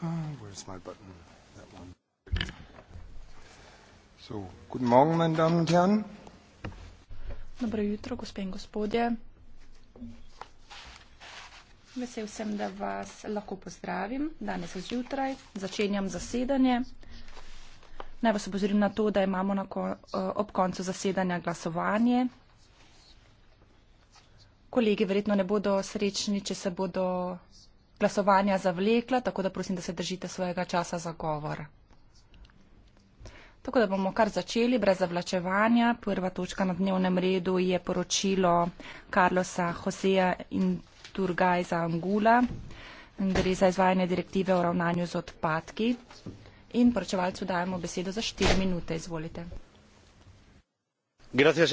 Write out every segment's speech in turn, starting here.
Ah, where's my button? That one. So, guten Morgen, meine Damen und Herren. Dobro jutro, gospe in gospodje. Vesel sem, da vas lahko pozdravim danes zjutraj. Začenjam zasedanje. Naj vas obozorim na to, da imamo na ko, eh, ob koncu zasedanja glasovanje. Kolegi verjetno ne bodo srečni, če se bodo glasovanja zavlekla, tako da prosim, da se držite svojega časa za govor. Tako da bomo kar začeli brez zavlačevanja. Prva točka na dnevnem redu je poročilo Carlosa Joseja in Turgajza Angula. Gre za izvajanje direktive o ravnanju z odpadki. In poročevalcu dajemo besedo za 4 minute. Izvolite. Gracias,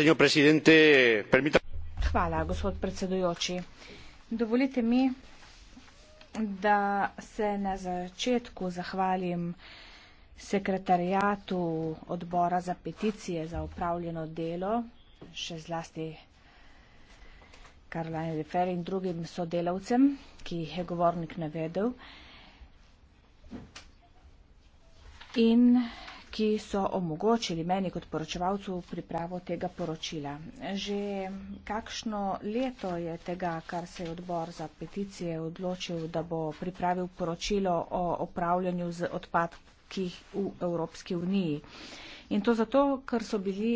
Hvala, gospod predsedujoči. Dovolite mi, da se na začetku zahvalim sekretarijatu odbora za peticije za upravljeno delo, še zlasti Karolajne Refer in drugim sodelavcem, ki jih je govornik navedel. In ki so omogočili meni kot poročevalcu pripravo tega poročila. Že kakšno leto je tega, kar se je odbor za peticije odločil, da bo pripravil poročilo o upravljanju z odpadki v Evropski uniji. In to zato, ker so bili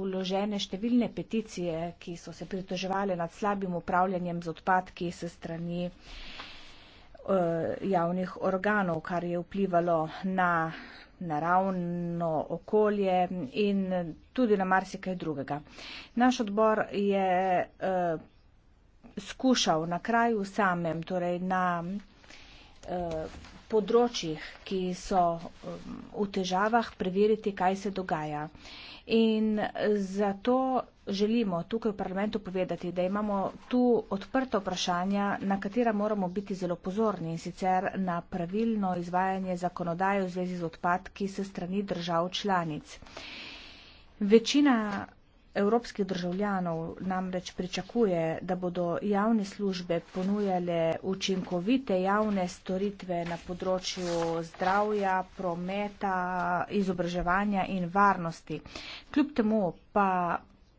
uložene številne peticije, ki so se pritoževali nad slabim upravljanjem z odpadki se strani eh, javnih organov, kar je vplivalo na naravno okolje in tudi na marsikaj drugega. Naš odbor je uh, skušal na kraju samem, torej na uh, področjih, ki so um, v težavah, preveriti, kaj se dogaja. In zato želimo tukaj v parlamentu povedati, da imamo tu odprta vprašanja, na katera moramo biti zelo pozorni in sicer na pravilno izvajanje zakonodaje v zvezi z odpadki se strani držav članic. Večina evropskih državljanov namreč pričakuje, da bodo javne službe ponujale učinkovite javne storitve na področju zdravja, prometa, izobraževanja in varnosti. Kljub temu pa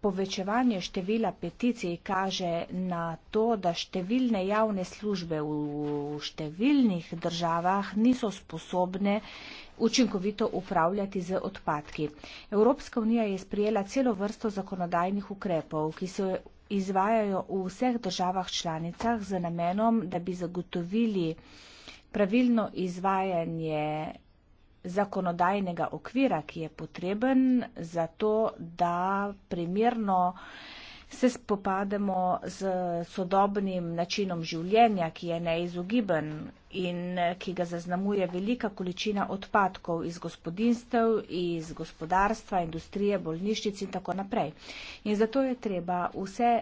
Povečevanje števila peticij kaže na to, da številne javne službe v številnih državah niso sposobne učinkovito upravljati z odpadki. Evropska unija je sprijela celo vrsto zakonodajnih ukrepov, ki se izvajajo v vseh državah članicah z namenom, da bi zagotovili pravilno izvajanje zakonodajnega okvira, ki je potreben za to, da primerno se spopademo z sodobnim načinom življenja, ki je neizogiben in ki ga zaznamuje velika količina odpadkov iz gospodinstv, iz gospodarstva, industrije, bolnišnic in tako naprej. In zato je treba vse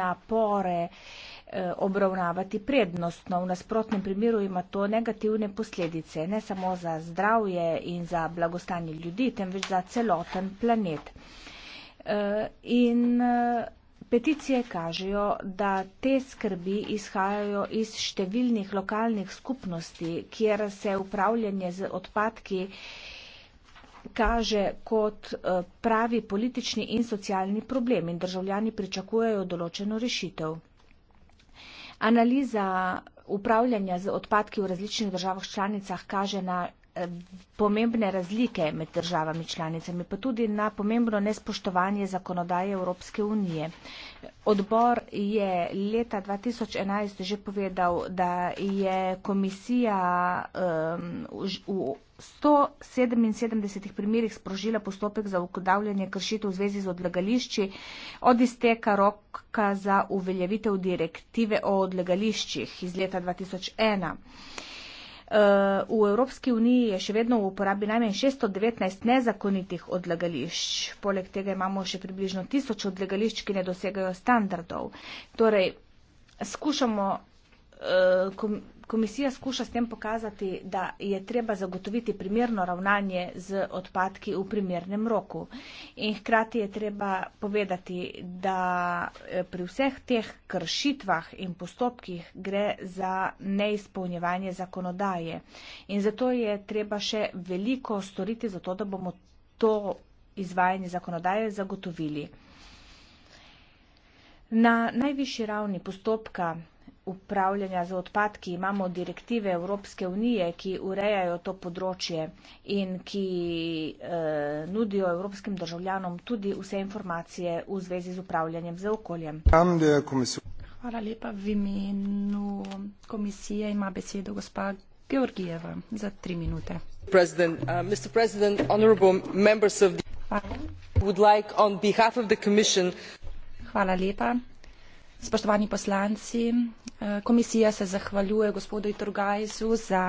napore, obravnavati prednostno. V nasprotnem primeru ima to negativne posledice, ne samo za zdravje in za blagostanje ljudi, temveč za celoten planet. E, in e, peticije kažejo, da te skrbi izhajajo iz številnih lokalnih skupnosti, kjer se upravljanje z odpadki kaže kot e, pravi politični in socialni problem in državljani pričakujejo določeno rešitev. Analiza upravljanja z odpadki v različnih državah članicah kaže na eh, pomembne razlike med državami članicami, pa tudi na pomembno nespoštovanje zakonodaje Evropske unije. Odbor je leta 2011 že povedal, da je komisija um, v, v 177 primerjih sprožila postopek za ukodavljanje kršitev v zvezi z odlagališči od izteka roka za uveljavitev direktive o odlagališčih iz leta 2001. Eh, v Evropski uniji je še vedno v uporabi najmanj 619 nezakonitih odlagališč. Poleg tega imamo še približno tisoč odlagališč, ki ne dosegajo standardov. Torej, skušamo uh, komisija skuša s tem pokazati, da je treba zagotoviti primerno ravnanje z odpadki v primernem roku. In hkrati je treba povedati, da eh, pri vseh teh kršitvah in postopkih gre za neizpolnjevanje zakonodaje. In zato je treba še veliko storiti, zato da bomo to izvajanje zakonodaje zagotovili. Na najvišji ravni postopka upravljanja z odpadki imamo direktive Evropske unije, ki urejajo to področje in ki e, nudijo evropskim državljanom tudi vse informacije v zvezi z upravljanjem z okoljem. Hvala lepa. V imenu komisije ima besedo gospa Georgijeva za tri minute. President, uh, Hvala lepa. Spoštovani poslanci, eh, komisija se zahvaljuje gospodu Iturgajzu za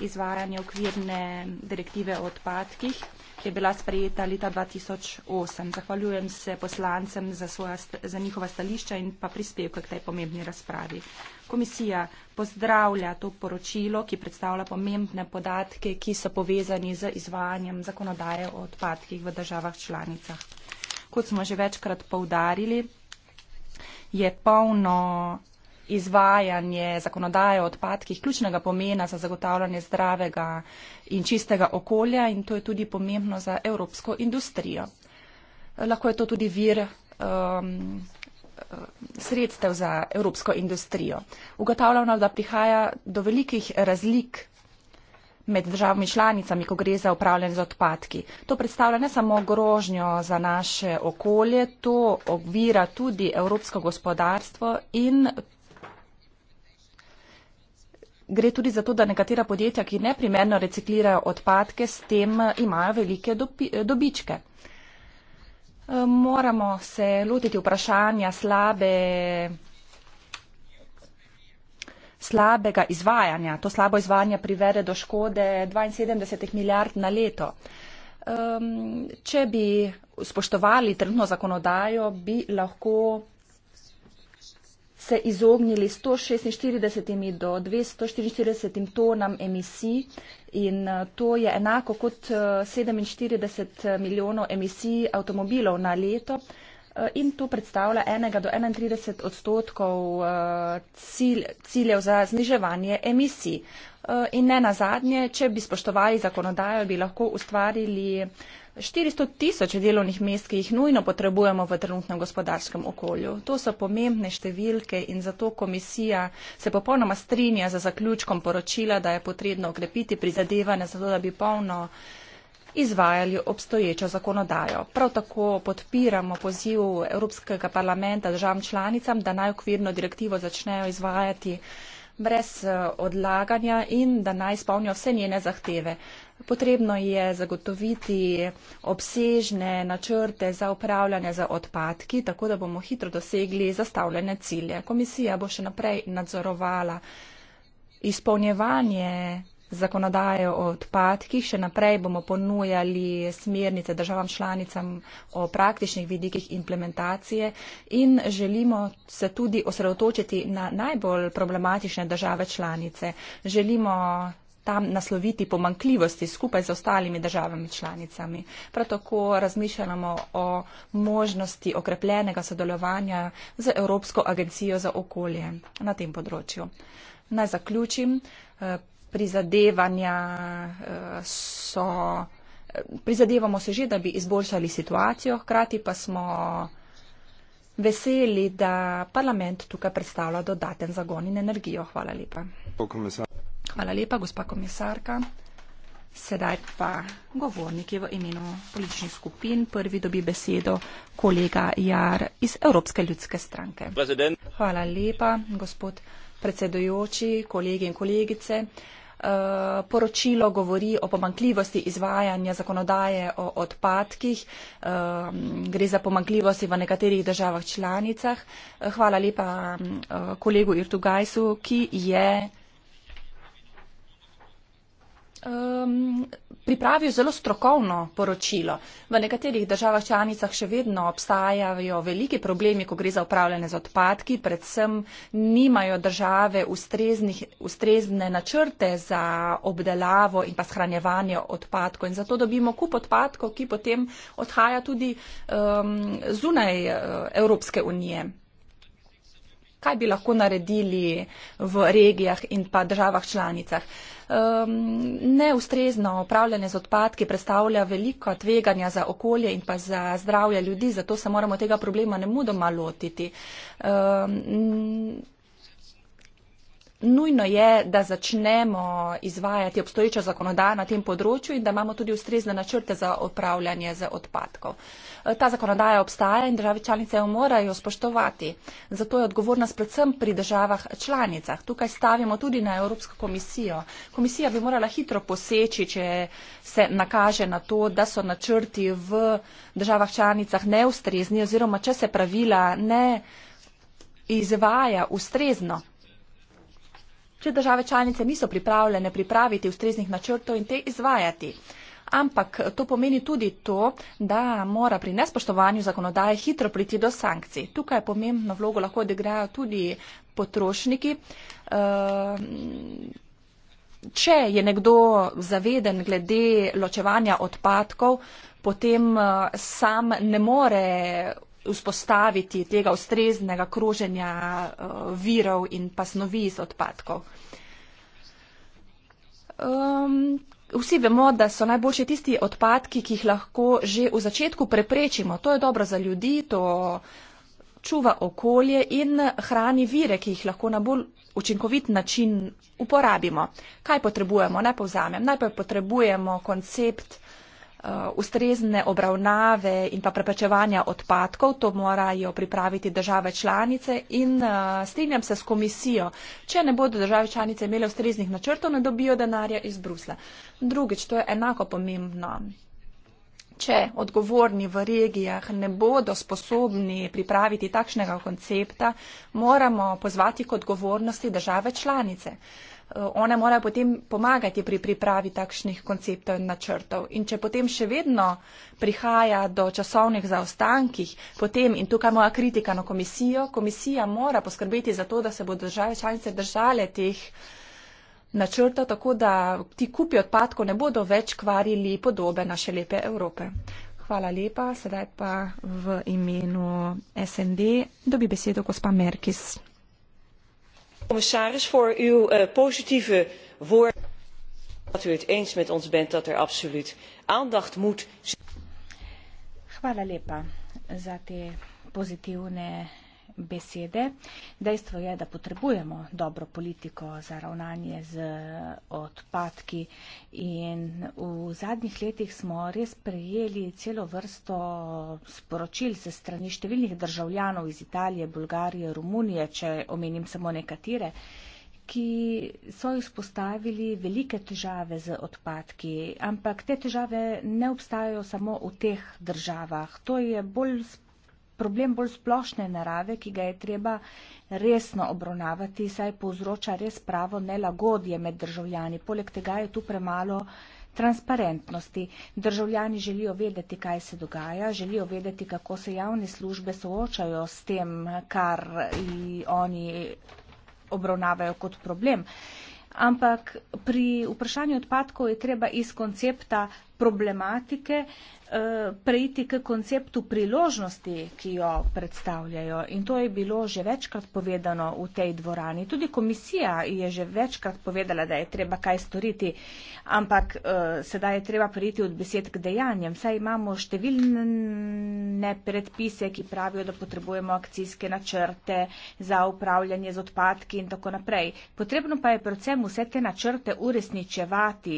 izvajanje okvirne direktive o odpadkih, ki je bila sprejeta leta 2008. Zahvaljujem se poslancem za, svoja, za njihova stališča in pa prispevke k tej pomembni razpravi. Komisija pozdravlja to poročilo, ki predstavlja pomembne podatke, ki so povezani z izvajanjem zakonodaje o odpadkih v državah članicah. Kot smo že večkrat poudarili, je polno izvajanje zakonodaje o odpadkih ključnega pomena za zagotavljanje zdravega in čistega okolja in to je tudi pomembno za evropsko industrijo. Lahko je to tudi vir um, sredstev za evropsko industrijo. Ugotavljamo, da prihaja do velikih razlik med državami članicami, ko gre za upravljanje z odpadki. To predstavlja ne samo grožnjo za naše okolje, to ovira tudi evropsko gospodarstvo in gre tudi za to, da nekatera podjetja, ki neprimerno reciklirajo odpadke, s tem imajo velike dobičke. Moramo se lotiti vprašanja slabe slabega izvajanja. To slabo izvajanje privede do škode 72 milijard na leto. Um, če bi spoštovali trenutno zakonodajo, bi lahko se izognili 146 do 244 tonam emisij in eh, to je enako kot 47 eh, milijonov emisij avtomobilov na leto. Uh, in to predstavlja 1 do 31 odstotkov eh, cilj, ciljev za zniževanje emisij. Eh, in ne na zadnje, če bi spoštovali zakonodajo, bi lahko ustvarili 400 tisoč delovnih mest, ki jih nujno potrebujemo v trenutnem gospodarskem okolju. To so pomembne številke in zato komisija se popolnoma strinja za zaključkom poročila, da je potrebno okrepiti prizadevanje, zato da bi polno izvajali obstoječo zakonodajo. Prav tako podpiramo poziv Evropskega parlamenta državam članicam, da najokvirno direktivo začnejo izvajati brez eh, odlaganja in da naj izpolnijo vse njene zahteve. Potrebno je zagotoviti obsežne načrte za upravljanje z odpadki, tako da bomo hitro dosegli zastavljene cilje. Komisija bo še naprej nadzorovala izpolnjevanje zakonodajo o odpadkih, še naprej bomo ponujali smernice državam članicam o praktičnih vidikih implementacije in želimo se tudi osredotočiti na najbolj problematične države članice. Želimo tam nasloviti pomankljivosti skupaj z ostalimi državami članicami. Prav tako razmišljamo o možnosti okrepljenega sodelovanja z Evropsko agencijo za okolje na tem področju. Naj zaključim. Eh, prizadevanja eh, so, eh, prizadevamo se že, da bi izboljšali situacijo, hkrati pa smo veseli, da parlament tukaj predstavlja dodaten zagon in energijo. Hvala lepa. Hvala lepa, gospa komisarka. Sedaj pa govorniki v imenu političnih skupin. Prvi dobi besedo kolega Jar iz Evropske ljudske stranke. Hvala lepa, gospod predsedujoči, kolegi in kolegice. Eh, poročilo govori o pomankljivosti izvajanja zakonodaje o odpadkih. Eh, gre za pomankljivosti v nekaterih državah članicah. Eh, hvala lepa kolegu Irtugajsu, ki je um, ehm, pripravil zelo strokovno poročilo. V nekaterih državah članicah še vedno obstajajo veliki problemi, ko gre za upravljanje z odpadki, predvsem nimajo države ustreznih, ustrezne načrte za obdelavo in pa shranjevanje odpadkov. In zato dobimo kup odpadkov, ki potem odhaja tudi um, zunaj uh, Evropske unije kaj bi lahko naredili v regijah in pa državah članicah. Um, neustrezno upravljanje z odpadki predstavlja veliko tveganja za okolje in pa za zdravje ljudi, zato se moramo tega problema ne mudoma lotiti. Um, Nujno je, da začnemo izvajati obstoječo zakonodajo na tem področju in da imamo tudi ustrezne načrte za upravljanje z odpadkov. Uh, ta zakonodaja obstaja in državi članice jo morajo spoštovati. Zato je odgovornost predvsem pri državah članicah. Tukaj stavimo tudi na Evropsko komisijo. Komisija bi morala hitro poseči, če se nakaže na to, da so načrti v državah članicah neustrezni oziroma če se pravila ne izvaja ustrezno. Če države članice niso pripravljene pripraviti ustreznih načrtov in te izvajati ampak to pomeni tudi to, da mora pri nespoštovanju zakonodaje hitro priti do sankcij. Tukaj pomembno vlogo lahko odigrajo tudi potrošniki. Ehm, če je nekdo zaveden glede ločevanja odpadkov, potem eh, sam ne more vzpostaviti tega ustreznega kroženja eh, virov in pa snovi iz odpadkov. Ehm, Vsi vemo, da so najboljši tisti odpadki, ki jih lahko že v začetku preprečimo. To je dobro za ljudi, to čuva okolje in hrani vire, ki jih lahko na bolj učinkovit način uporabimo. Kaj potrebujemo? Najprej potrebujemo koncept Eh, ustrezne obravnave in pa preprečevanja odpadkov, to morajo pripraviti države članice in uh, strinjam se s komisijo, če ne bodo države članice imele ustreznih načrtov, ne dobijo denarja iz Brusla. Drugič, to je enako pomembno. Če odgovorni v regijah ne bodo sposobni pripraviti takšnega koncepta, moramo pozvati k odgovornosti države članice. Uh, Eh, one morajo potem pomagati pri pripravi takšnih konceptov in načrtov. In če potem še vedno prihaja do časovnih zaostankih, potem in tukaj moja kritika na komisijo, komisija mora poskrbeti za to, da se bodo države članice držale teh načrta, tako da ti kupi odpadkov ne bodo več kvarili podobe naše lepe Evrope. Hvala lepa. Sedaj pa v imenu SND dobi besedo gospa Merkis commissaris voor uw eh, positieve woorden. ik hoop dat u het eens met ons bent dat er absoluut aandacht moet zijn voor de situatie in de regio besede. Dejstvo je, da potrebujemo dobro politiko za ravnanje z odpadki in v zadnjih letih smo res prejeli celo vrsto sporočil se strani številnih državljanov iz Italije, Bulgarije, Romunije, če omenim samo nekatere ki so izpostavili velike težave z odpadki, ampak te težave ne obstajajo samo v teh državah. To je bolj sporočilo problem bolj splošne narave, ki ga je treba resno obravnavati, saj povzroča res pravo nelagodje med državljani. Poleg tega je tu premalo transparentnosti. Državljani želijo vedeti, kaj se dogaja, želijo vedeti, kako se javne službe soočajo s tem, kar oni obravnavajo kot problem. Ampak pri vprašanju odpadkov je treba iz koncepta problematike eh, preiti k konceptu priložnosti, ki jo predstavljajo. In to je bilo že večkrat povedano v tej dvorani. Tudi komisija je že večkrat povedala, da je treba kaj storiti, ampak eh, sedaj je treba preiti od besed k dejanjem. Saj imamo številne predpise, ki pravijo, da potrebujemo akcijske načrte za upravljanje z odpadki in tako naprej. Potrebno pa je predvsem vse te načrte uresničevati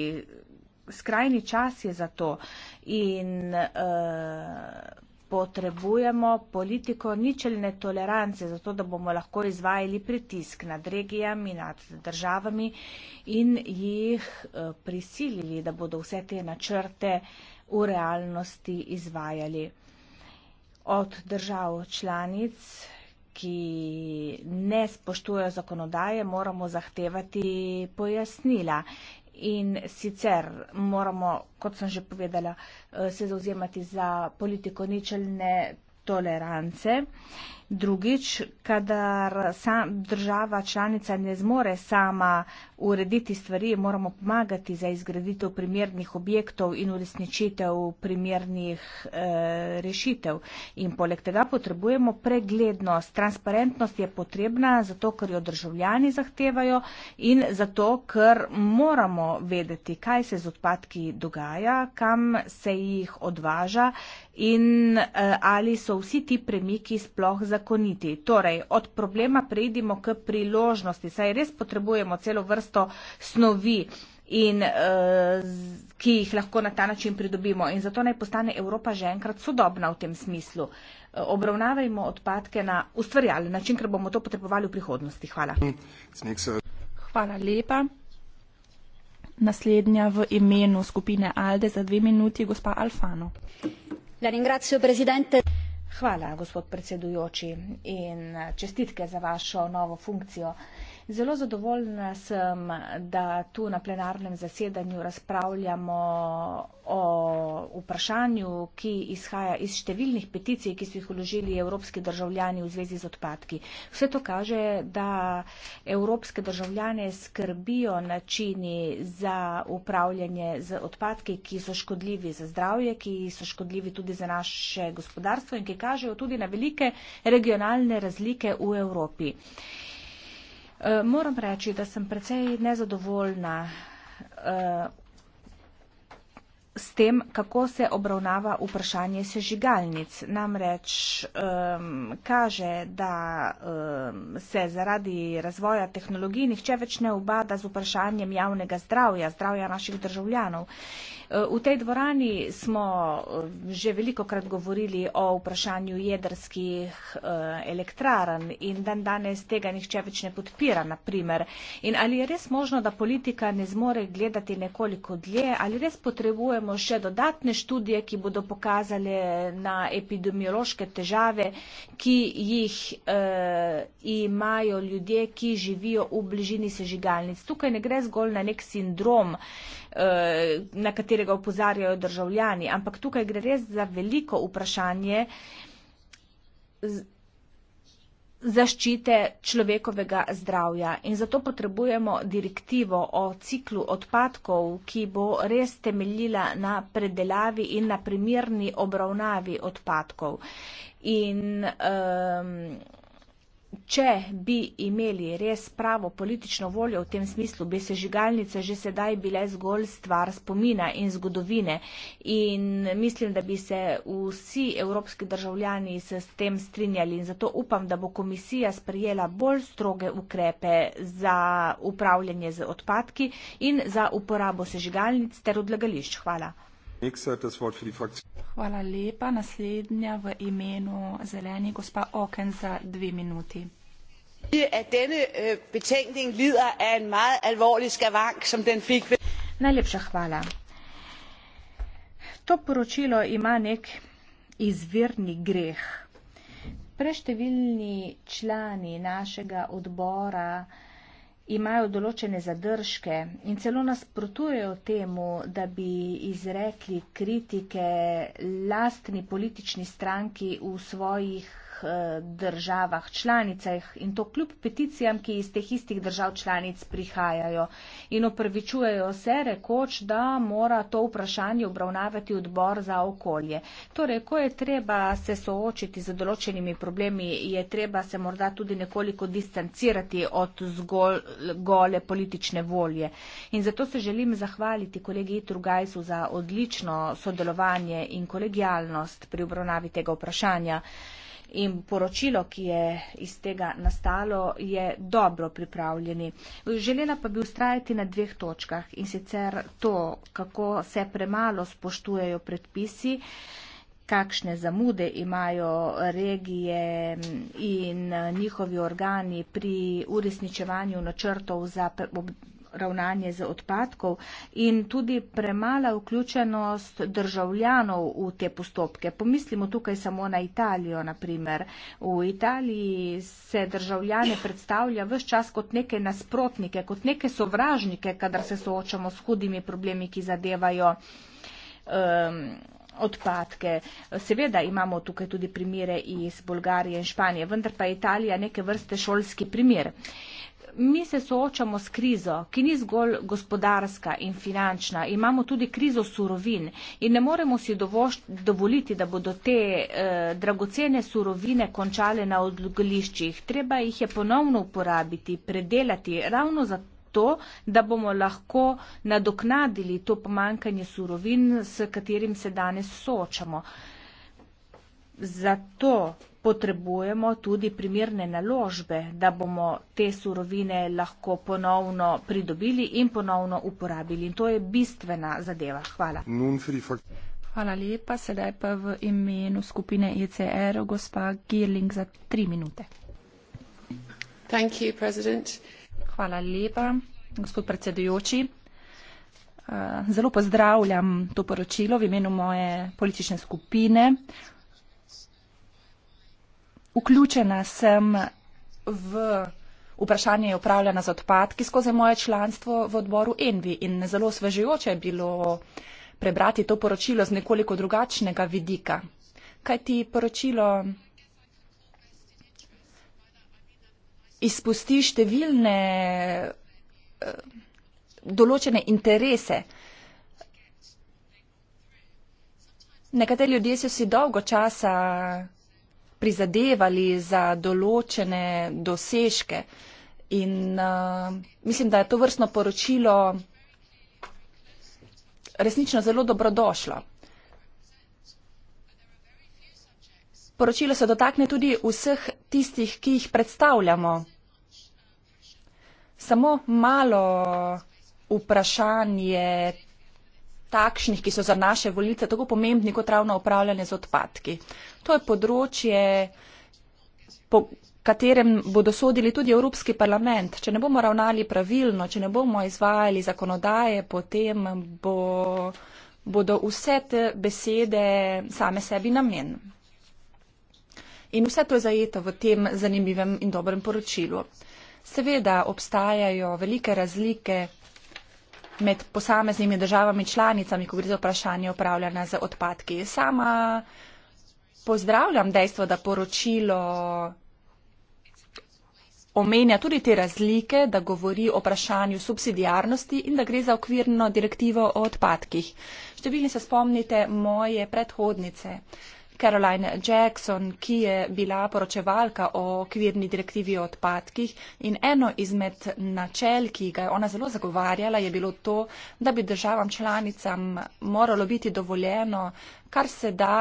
skrajni čas je za to in uh, potrebujemo politiko ničelne tolerance, zato da bomo lahko izvajali pritisk nad regijami, nad državami in jih uh, prisilili, da bodo vse te načrte v realnosti izvajali. Od držav članic, ki ne spoštujejo zakonodaje, moramo zahtevati pojasnila In sicer moramo, kot sem že povedala, eh, se zauzemati za politiko ničelne tolerance. Drugič, kadar sam, država članica ne zmore sama urediti stvari, moramo pomagati za izgraditev primernih objektov in uresničitev primernih e, rešitev. In poleg tega potrebujemo preglednost. Transparentnost je potrebna zato, ker jo državljani zahtevajo in zato, ker moramo vedeti, kaj se z odpadki dogaja, kam se jih odvaža in e, ali so vsi ti premiki sploh zakonodajni uzakoniti. Torej, od problema preidimo k priložnosti, saj res potrebujemo celo vrsto snovi in eh, ki jih lahko na ta način pridobimo. In zato naj postane Evropa že enkrat sodobna v tem smislu. Eh, obravnavajmo odpadke na ustvarjalen način, ker bomo to potrebovali v prihodnosti. Hvala. Hvala lepa. Naslednja v imenu skupine Alde za dve minuti, gospa Alfano. La ringrazio, predsednik. Hvala, gospod predsedujoči, in eh, čestitke za vašo novo funkcijo. Zelo zadovoljna sem, da tu na plenarnem zasedanju razpravljamo o vprašanju, ki izhaja iz številnih peticij, ki so jih uložili evropski državljani v zvezi z odpadki. Vse to kaže, da evropske državljane skrbijo načini za upravljanje z odpadki, ki so škodljivi za zdravje, ki so škodljivi tudi za naše gospodarstvo in ki kažejo tudi na velike regionalne razlike v Evropi. Eh, moram reči, da sem precej nezadovoljna eh, s tem, kako se obravnava vprašanje sežigalnic. Namreč um, kaže, da um, se zaradi razvoja tehnologij nihče več ne obada z vprašanjem javnega zdravja, zdravja naših državljanov. V tej dvorani smo eh, že veliko krat govorili o vprašanju jedrskih eh, elektraran in dan danes tega nihče več ne podpira, naprimer. In ali je res možno, da politika ne zmore gledati nekoliko dlje, ali res potrebujemo še dodatne študije, ki bodo pokazale na epidemiološke težave, ki jih eh, imajo ljudje, ki živijo v bližini sežigalnic. Tukaj ne gre zgolj na nek sindrom, eh, na katerem katerega opozarjajo državljani, ampak tukaj gre res za veliko vprašanje zaščite človekovega zdravja. In zato potrebujemo direktivo o ciklu odpadkov, ki bo res temeljila na predelavi in na primerni obravnavi odpadkov. In um, če bi imeli res pravo politično voljo v tem smislu, bi sežigalnice že sedaj bile zgolj stvar spomina in zgodovine. In mislim, da bi se vsi evropski državljani se s tem strinjali. In zato upam, da bo komisija sprejela bolj stroge ukrepe za upravljanje z odpadki in za uporabo sežigalnic ter odlagališč. Hvala. Hvala lepa. Naslednja v imenu zelenih, gospa Oken, za dve minuti. Øh, Najlepša hvala. To poročilo ima nek izvirni greh. Preštevilni člani našega odbora imajo določene zadržke in celo nasprotujejo temu, da bi izrekli kritike lastni politični stranki v svojih Eh, državah članicah in to kljub peticijam, ki iz teh istih držav članic prihajajo. In opravičujejo se, rekoč, da mora to vprašanje obravnavati odbor za okolje. Torej, ko je treba se soočiti z določenimi problemi, je treba se morda tudi nekoliko distancirati od zgol, gole politične volje. In zato se želim zahvaliti kolegi Trugajsu za odlično sodelovanje in kolegijalnost pri obravnavi tega vprašanja in poročilo, ki je iz tega nastalo, je dobro pripravljeni. Želela pa bi ustrajati na dveh točkah in sicer to, kako se premalo spoštujejo predpisi, kakšne zamude imajo regije mm, in njihovi organi pri uresničevanju načrtov za ravnanje z odpadkov in tudi premala vključenost državljanov v te postopke. Pomislimo tukaj samo na Italijo, naprimer. V Italiji se državljane predstavlja vse čas kot neke nasprotnike, kot neke sovražnike, kadar se soočamo s hudimi problemi, ki zadevajo. Um, Odpadke. Seveda imamo tukaj tudi primere iz Bolgarije in Španije, vendar pa je Italija neke vrste šolski primer. Uh, mi se soočamo s krizo, ki ni zgolj gospodarska in finančna, imamo tudi krizo surovin in ne moremo si dovoliti, da bodo te eh, dragocene surovine končale na odlogliščih. Treba jih je ponovno uporabiti, predelati ravno za to, da bomo lahko nadoknadili to pomankanje surovin, s katerim se danes soočamo. Zato potrebujemo tudi primerne naložbe, da bomo te surovine lahko ponovno pridobili in ponovno uporabili. In to je bistvena zadeva. Hvala. Hvala lepa. Sedaj pa v imenu skupine ECR, gospa Girling, za tri minute. Thank you, Hvala lepa, gospod predsedujoči. Eh, zelo pozdravljam to poročilo v imenu moje politične skupine vključena sem v vprašanje upravljanja z odpadki skozi moje članstvo v odboru Envi in zelo svežejoče je bilo prebrati to poročilo z nekoliko drugačnega vidika. Kaj ti poročilo izpusti številne eh, določene interese. Nekateri ljudje so si dolgo časa prizadevali za določene dosežke. In uh, mislim, da je to vrstno poročilo resnično zelo dobrodošlo. Poročilo se dotakne tudi vseh tistih, ki jih predstavljamo. Samo malo vprašanje takšnih, ki so za naše volitve tako pomembni kot ravno upravljanje z odpadki. To je področje, po katerem bodo sodili tudi Evropski parlament. Če ne bomo ravnali pravilno, če ne bomo izvajali zakonodaje, potem bo, bodo vse te besede same sebi namen. In vse to je zajeto v tem zanimivem in dobrem poročilu. Seveda obstajajo velike razlike med posameznimi državami članicami, ko gre za vprašanje upravljanja z odpadki. Sama pozdravljam dejstvo, da poročilo omenja tudi te razlike, da govori o vprašanju subsidijarnosti in da gre za okvirno direktivo o odpadkih. Številni se spomnite moje predhodnice, Caroline Jackson, ki je bila poročevalka o okvirni direktivi o odpadkih in eno izmed načel, ki ga je ona zelo zagovarjala, je bilo to, da bi državam članicam moralo biti dovoljeno kar se da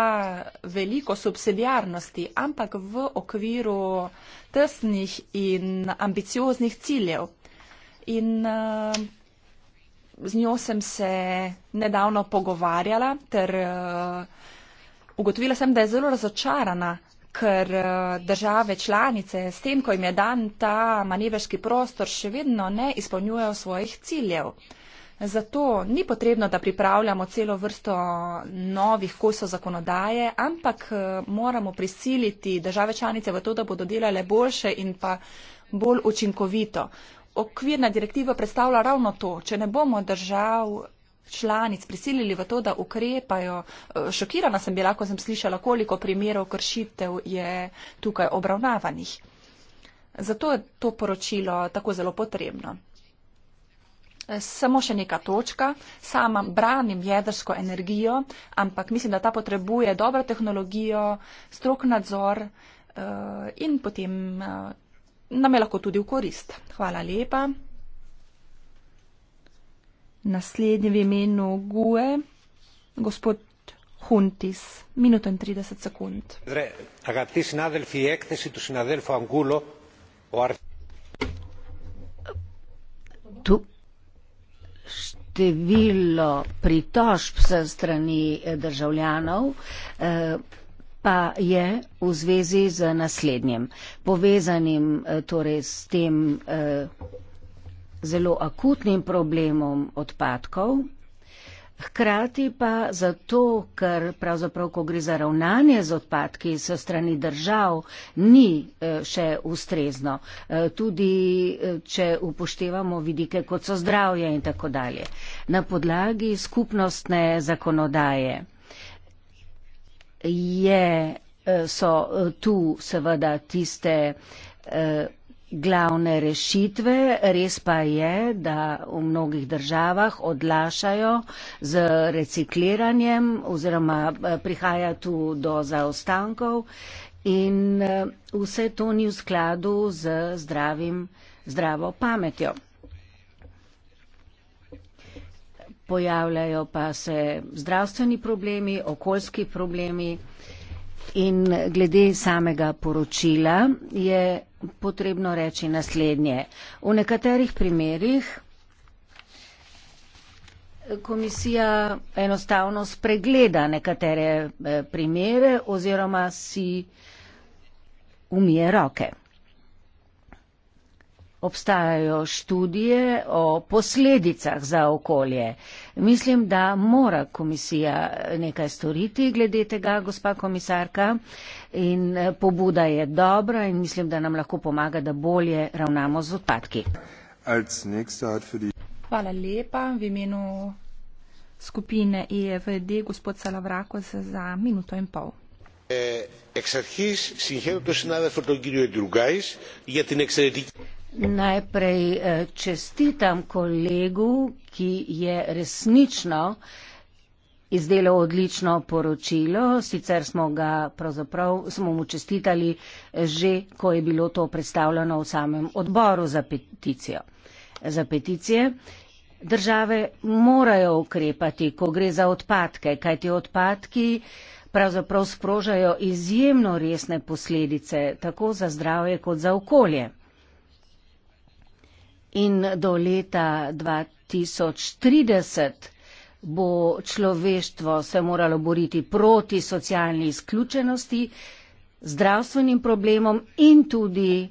veliko subsidijarnosti, ampak v okviru tesnih in ambicioznih ciljev. In uh, z njo sem se nedavno pogovarjala, ter uh, Ugotovila sem, da je zelo razočarana, ker eh, države članice s tem, ko jim je dan ta manevrski prostor, še vedno ne izpolnjujejo svojih ciljev. Zato ni potrebno, da pripravljamo celo vrsto novih kosov zakonodaje, ampak eh, moramo prisiliti države članice v to, da bodo delale boljše in pa bolj učinkovito. Okvirna direktiva predstavlja ravno to. Če ne bomo držav članic prisilili v to, da ukrepajo. Eh, šokirana sem bila, ko sem slišala, koliko primerov kršitev je tukaj obravnavanih. Zato je to poročilo tako zelo potrebno. Eh, samo še neka točka. Sama branim jedrsko energijo, ampak mislim, da ta potrebuje dobro tehnologijo, strok nadzor eh, in potem nam je lahko tudi v korist. Hvala lepa. Naslednji v imenu GUE, gospod Huntis, minuto in 30 sekund. Tu, število pritožb se strani eh, državljanov eh, pa je v zvezi z naslednjim, povezanim eh, torej s tem zelo akutnim problemom odpadkov, hkrati pa zato, ker pravzaprav, ko gre za ravnanje z odpadki so strani držav, ni eh, še ustrezno, eh, tudi eh, če upoštevamo vidike, kot so zdravje in tako dalje, na podlagi skupnostne zakonodaje. Je, so tu seveda tiste glavne rešitve. Res pa je, da v mnogih državah odlašajo z recikliranjem oziroma eh, prihaja tu do zaostankov in eh, vse to ni v skladu z zdravim, zdravo pametjo. Pojavljajo pa se zdravstveni problemi, okoljski problemi in glede samega poročila je potrebno reči naslednje. V nekaterih primerjih komisija enostavno spregleda nekatere eh, primere oziroma si umije roke obstajajo študije o posledicah za okolje. Mislim, da mora komisija nekaj storiti glede tega, gospa komisarka, in eh, pobuda je dobra in mislim, da nam lahko pomaga, da bolje ravnamo z odpadki. Hvala lepa. V imenu skupine EFD, gospod Salavrako, za minuto in pol. Εξ αρχής συγχαίρω τον συνάδελφο τον κύριο Ντρουγκάης για την εξαιρετική... Najprej eh, čestitam kolegu, ki je resnično izdelal odlično poročilo, sicer smo, smo mu čestitali že, ko je bilo to predstavljeno v samem odboru za, peticijo, za peticije. Države morajo ukrepati, ko gre za odpadke, kaj ti odpadki pravzaprav sprožajo izjemno resne posledice, tako za zdravje kot za okolje in do leta 2030 bo človeštvo se moralo boriti proti socialni izključenosti, zdravstvenim problemom in tudi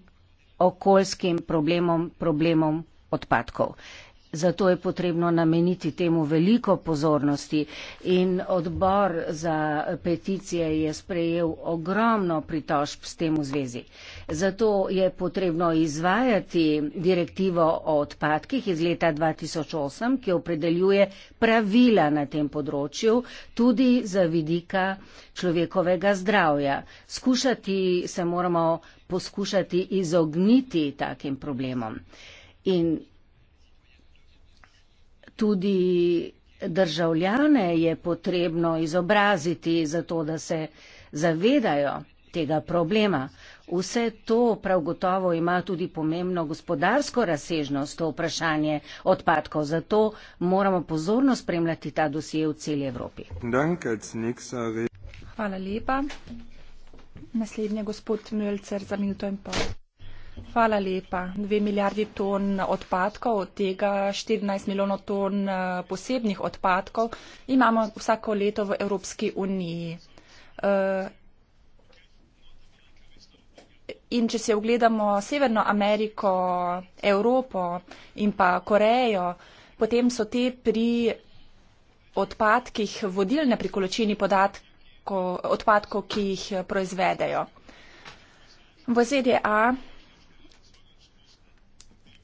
okoljskim problemom, problemom odpadkov. Zato je potrebno nameniti temu veliko pozornosti in odbor za peticije je sprejel ogromno pritožb s tem v zvezi. Zato je potrebno izvajati direktivo o odpadkih iz leta 2008, ki opredeljuje pravila na tem področju tudi za vidika človekovega zdravja. Skušati se moramo poskušati izogniti takim problemom. In tudi državljane je potrebno izobraziti zato, da se zavedajo tega problema. Vse to prav gotovo ima tudi pomembno gospodarsko razsežnost, to vprašanje odpadkov. Zato moramo pozorno spremljati ta dosje v celi Evropi. Hvala lepa. Naslednji je gospod Mjölcer za minuto in pol. Hvala lepa. Dve milijardi ton odpadkov, od tega 14 milijonov ton eh, posebnih odpadkov imamo vsako leto v Evropski uniji. Eh, in če se ogledamo Severno Ameriko, Evropo in pa Korejo, potem so te pri odpadkih vodilne pri količini podatko, odpadkov, ki jih eh, proizvedejo. V ZDA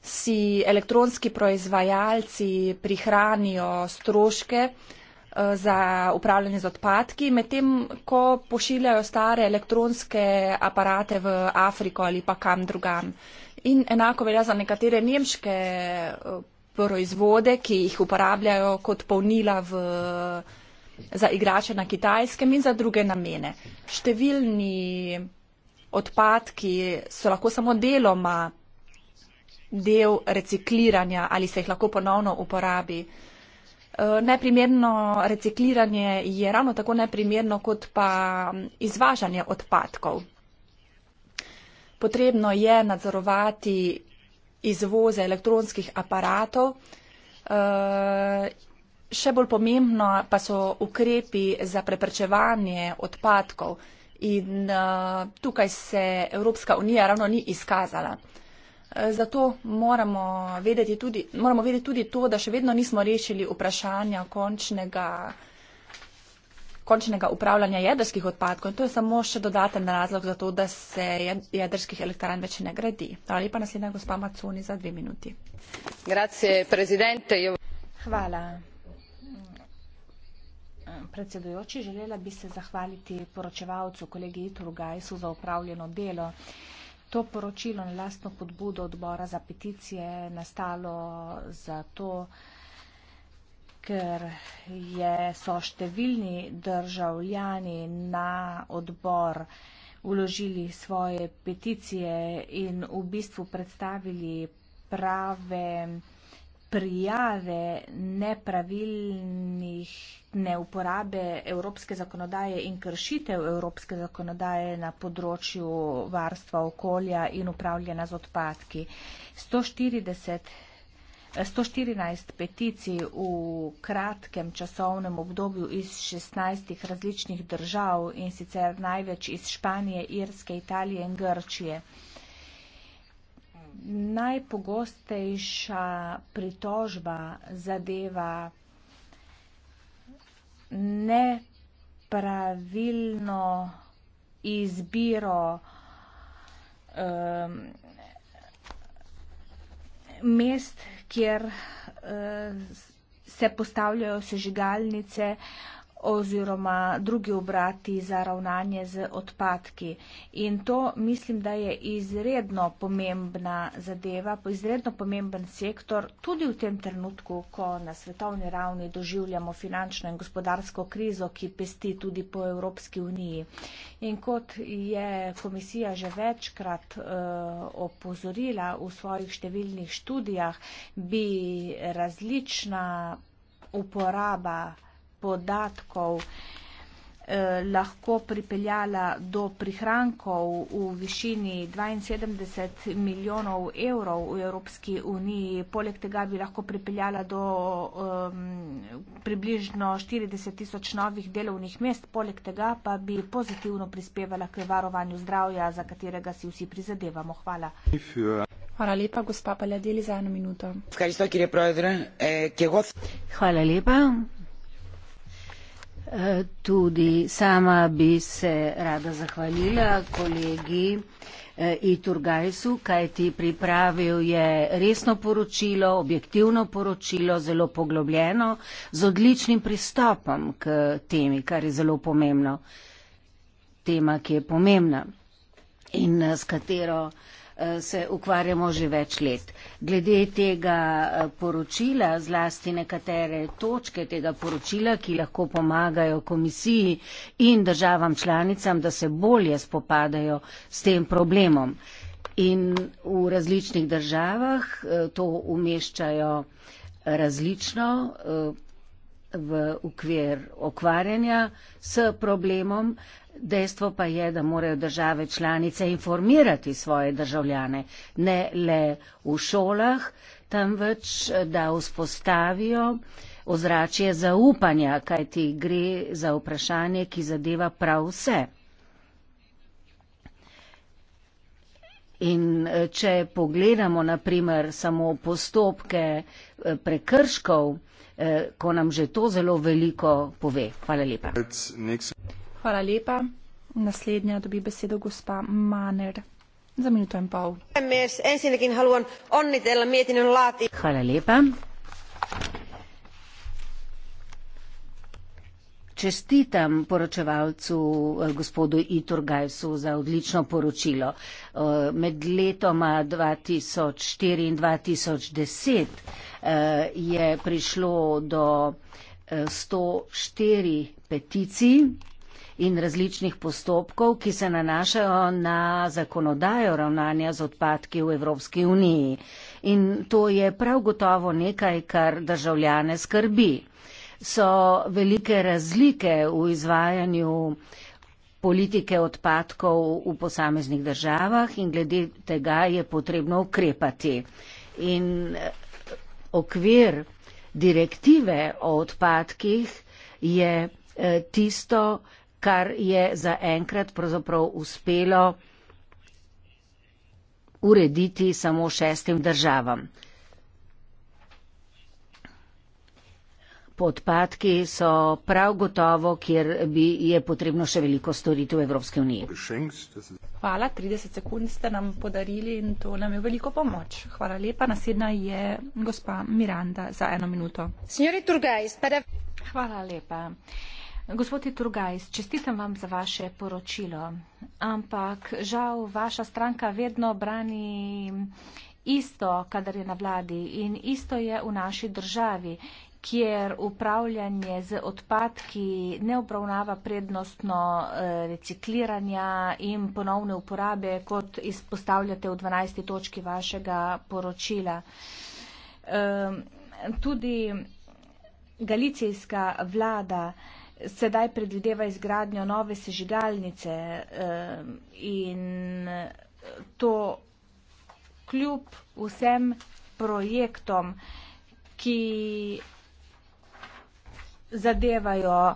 si elektronski proizvajalci prihranijo stroške eh, za upravljanje z odpadki, medtem ko pošiljajo stare elektronske aparate v Afriko ali pa kam drugam. In enako velja za nekatere nemške eh, proizvode, ki jih uporabljajo kot polnila v, za igrače na kitajskem in za druge namene. Številni odpadki so lahko samo deloma del recikliranja ali se jih lahko ponovno uporabi. E, neprimerno recikliranje je ravno tako neprimerno, kot pa izvažanje odpadkov. Potrebno je nadzorovati izvoze elektronskih aparatov, e, še bolj pomembno pa so ukrepi za preprečevanje odpadkov in e, tukaj se Evropska unija ravno ni izkazala. Eh, zato moramo vedeti, tudi, moramo vedeti tudi to, da še vedno nismo rešili vprašanja končnega, končnega upravljanja jedrskih odpadkov. In to je samo še dodaten razlog za to, da se jedrskih elektrarn več ne gradi. Hvala lepa, naslednja gospa Maconi za dve minuti. Grazie, presidente. Hvala. Predsedujoči, želela bi se zahvaliti poročevalcu kolegi Ituru Gajsu za upravljeno delo to poročilo na lastno podbudo odbora za peticije nastalo zato, ker je, so številni državljani na odbor uložili svoje peticije in v bistvu predstavili prave prijave nepravilnih neuporabe evropske zakonodaje in kršitev evropske zakonodaje na področju varstva okolja in upravljanja z odpadki. 140, 114 peticij v kratkem časovnem obdobju iz 16 različnih držav in sicer največ iz Španije, Irske, Italije in Grčije najpogostejša pritožba zadeva nepravilno izbiro um, mest, kjer uh, se postavljajo sežigalnice, oziroma drugi obrati za ravnanje z odpadki. In to mislim, da je izredno pomembna zadeva, izredno pomemben sektor, tudi v tem trenutku, ko na svetovni ravni doživljamo finančno in gospodarsko krizo, ki pesti tudi po Evropski uniji. In kot je komisija že večkrat uh, opozorila v svojih številnih študijah, bi različna uporaba podatkov eh, lahko pripeljala do prihrankov v višini 72 milijonov evrov v Evropski uniji. Poleg tega bi lahko pripeljala do um, približno 40 tisoč novih delovnih mest, poleg tega pa bi pozitivno prispevala k varovanju zdravja, za katerega si vsi prizadevamo. Hvala. Hvala lepa, gospa Paljadeli, za eno minuto. Hvala lepa. Tudi sama bi se rada zahvalila kolegi eh, Iturgajsu, kaj ti pripravil je resno poročilo, objektivno poročilo, zelo poglobljeno, z odličnim pristopom k temi, kar je zelo pomembno. Tema, ki je pomembna in eh, s katero uh, Eh, se ukvarjamo že več let. Glede tega eh, poročila, zlasti nekatere točke tega poročila, ki lahko pomagajo komisiji in državam članicam, da se bolje spopadajo s tem problemom. In v različnih državah eh, to umeščajo različno, v ukvir okvarjanja s problemom. Dejstvo pa je, da morajo države članice informirati svoje državljane, ne le v šolah, temveč da vzpostavijo ozračje zaupanja, kajti gre za vprašanje, ki zadeva prav vse. In če pogledamo naprimer samo postopke eh, prekrškov, Eh, ko nam že to zelo veliko pove. Hvala lepa. Hvala lepa. Naslednja dobi besedo gospa Maner. Za minuto in pol. Hvala lepa. Čestitam poročevalcu eh, gospodu Iturgajsu za odlično poročilo. Eh, med letoma 2004 in 2010 eh, je prišlo do 104 peticij in različnih postopkov, ki se nanašajo na zakonodajo ravnanja z odpadki v Evropski uniji. In to je prav gotovo nekaj, kar državljane skrbi so velike razlike v izvajanju politike odpadkov v posameznih državah in glede tega je potrebno ukrepati. In eh, okvir direktive o odpadkih je eh, tisto, kar je zaenkrat pravzaprav uspelo urediti samo šestim državam. podpadki so prav gotovo, kjer bi je potrebno še veliko storiti v Evropske unije. Hvala, 30 sekund ste nam podarili in to nam je veliko pomoč. Hvala lepa, naslednja je gospa Miranda za eno minuto. Hvala lepa. Gospod Turgajs, čestitam vam za vaše poročilo, ampak žal vaša stranka vedno brani isto, kadar je na vladi in isto je v naši državi kjer upravljanje z odpadki ne obravnava prednostno eh, recikliranja in ponovne uporabe, kot izpostavljate v 12. točki vašega poročila. Tudi galicijska vlada sedaj predvideva izgradnjo nove sežigalnice in to kljub vsem projektom, ki zadevajo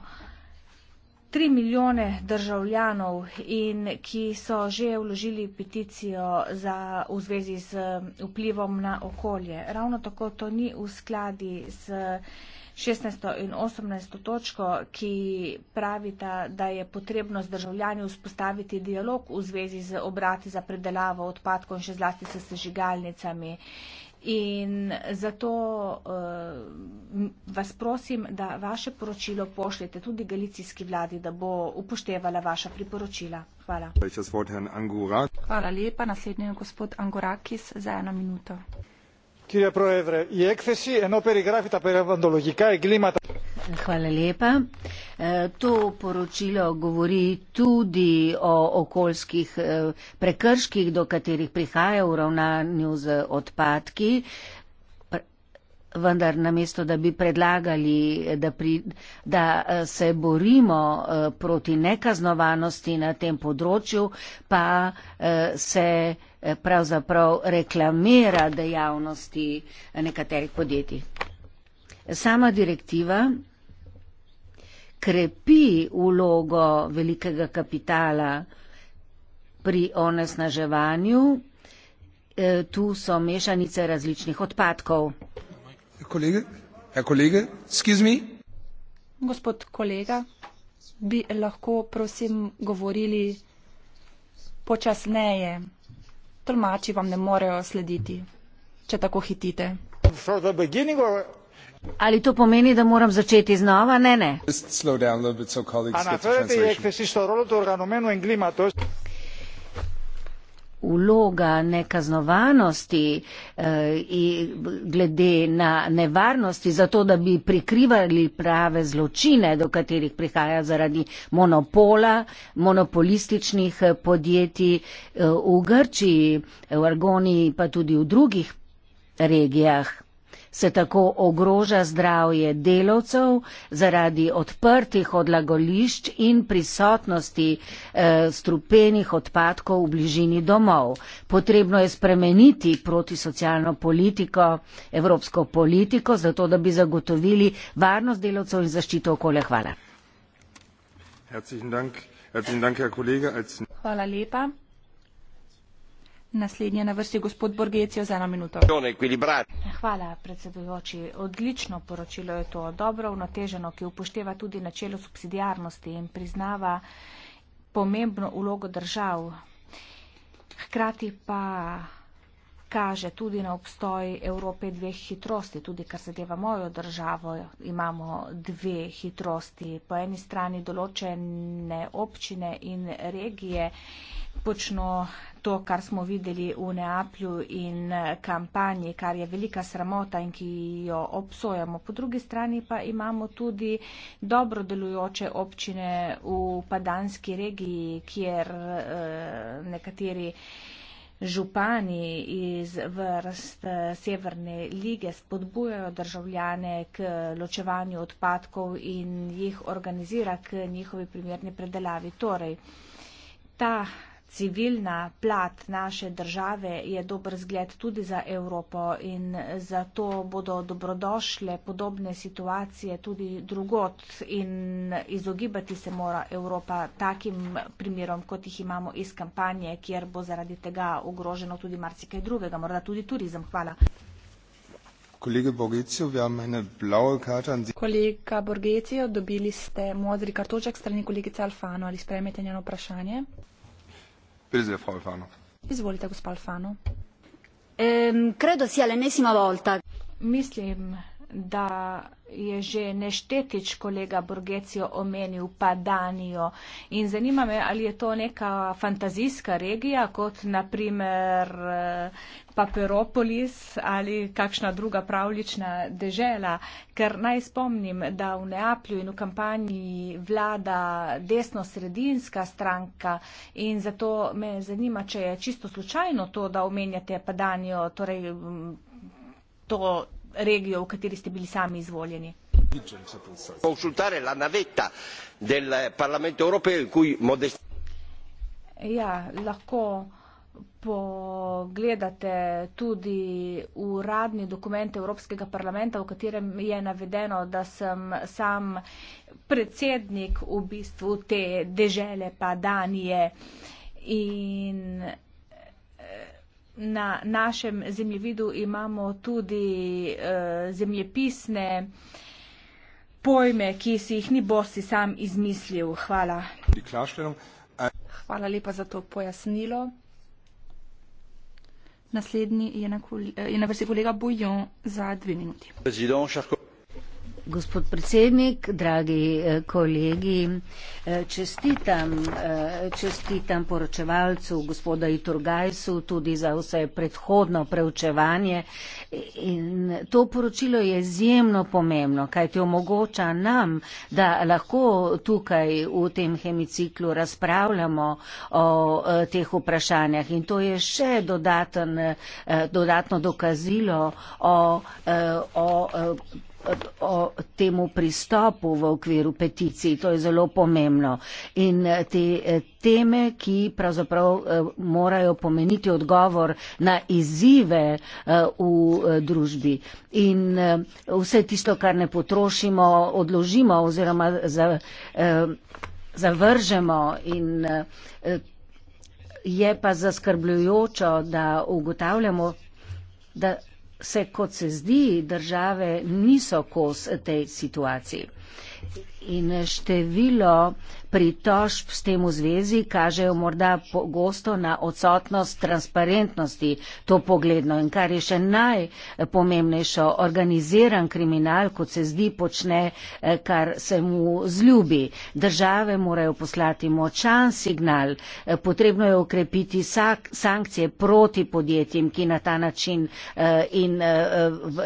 tri milijone državljanov in ki so že vložili peticijo za, v zvezi z vplivom na okolje. Ravno tako to ni v skladi s 16. in 18. točko, ki pravita, da je potrebno z državljani vzpostaviti dialog v zvezi z obrati za predelavo odpadkov in še zlasti s sežigalnicami In zato uh, vas prosim, da vaše poročilo pošljete tudi galicijski vladi, da bo upoštevala vaša priporočila. Hvala. Hvala lepa. Naslednji je gospod Angurakis za eno minuto. Hvala lepa. E, to poročilo govori tudi o okoljskih e, prekrških, do katerih prihaja v ravnanju z odpadki. Vendar namesto, da bi predlagali, da, pri, da e, se borimo proti nekaznovanosti na tem področju, pa se pravzaprav reklamira dejavnosti nekaterih podjetij. Sama direktiva krepi vlogo velikega kapitala pri onesnaževanju. E, tu so mešanice različnih odpadkov. Kolege, ja, kolege, Gospod kolega, bi lahko prosim govorili počasneje. Tolmači vam ne morejo slediti, če tako hitite. Ali to pomeni, da moram začeti znova? Ne, ne. Uloga nekaznovanosti eh, glede na nevarnosti za to, da bi prikrivali prave zločine, do katerih prihaja zaradi monopola, monopolističnih eh, podjetij eh, v Grčiji, v Argoniji pa tudi v drugih regijah se tako ogroža zdravje delavcev zaradi odprtih odlagolišč in prisotnosti e, strupenih odpadkov v bližini domov. Potrebno je spremeniti protisocialno politiko, evropsko politiko, zato da bi zagotovili varnost delavcev in zaščito okolja. Hvala. Hvala lepa. Naslednji je na vrsti gospod Borgecijo za eno minuto hvala, predsedujoči. Odlično poročilo je to. Dobro vnoteženo, ki upošteva tudi načelo subsidijarnosti in priznava pomembno ulogo držav. Hkrati pa kaže tudi na obstoj Evrope dveh hitrosti. Tudi, kar zadeva mojo državo, imamo dve hitrosti. Po eni strani določene občine in regije počno to, kar smo videli v Neaplju in eh, kampanji, kar je velika sramota in ki jo obsojamo. Po drugi strani pa imamo tudi dobro delujoče občine v Padanski regiji, kjer eh, nekateri župani iz vrst eh, Severne lige spodbujajo državljane k ločevanju odpadkov in jih organizira k njihovi primerni predelavi. Torej, ta civilna plat naše države je dober zgled tudi za Evropo in zato bodo dobrodošle podobne situacije tudi drugot in izogibati se mora Evropa takim primerom, kot jih imamo iz kampanje, kjer bo zaradi tega ogroženo tudi marsikaj drugega, morda tudi turizem. Hvala. Kolega Borgetio, Kolega Borgetio dobili ste modri kartoček strani kolegice Alfano, ali spremete njeno vprašanje? Presidente, Frau Alfano. Izvolite, gospod Alfano. Ehm, credo sia l'ennesima volta. Mislim, da je že neštetič kolega Borgecijo omenil Padanijo. In zanima me, ali je to neka fantazijska regija, kot naprimer eh, Paperopolis ali kakšna druga pravlična dežela. Ker naj spomnim, da v Neaplju in v kampanji vlada desno-sredinska stranka in zato me zanima, če je čisto slučajno to, da omenjate Padanijo, torej mm, to regijo v kateri ste bili sami izvoljeni. Ja, lahko pogledate tudi uradni dokument Evropskega parlamenta, v katerem je navedeno, da sem sam predsednik v bistvu te dežele pa Danije. In na našem zemljevidu imamo tudi uh, zemljepisne pojme, ki si jih ni Bosi sam izmislil. Hvala. Hvala lepa za to pojasnilo. Naslednji je na, eh, je na vrsti kolega Bojon za dve minuti. Gospod predsednik, dragi eh, kolegi, eh, čestitam, eh, čestitam poročevalcu gospoda Iturgajsu tudi za vse predhodno preučevanje. In to poročilo je izjemno pomembno, kaj ti omogoča nam, da lahko tukaj v tem hemiciklu razpravljamo o teh vprašanjah. In to je še dodaten, dodatno dokazilo o, o o temu pristopu v okviru peticij. To je zelo pomembno. In te eh, teme, ki pravzaprav eh, morajo pomeniti odgovor na izzive eh, v družbi. In vse tisto, kar ne potrošimo, odložimo oziroma zavržemo. In je pa zaskrbljujočo, da ugotavljamo, da se, kot se zdi, države niso kos tej situaciji in število pritožb s tem v zvezi kažejo morda pogosto na odsotnost transparentnosti to pogledno in kar je še najpomembnejšo, organiziran kriminal, kot se zdi, počne, eh, kar se mu zljubi. Države morajo poslati močan signal, eh, potrebno je ukrepiti sankcije proti podjetjem, ki na ta način eh, in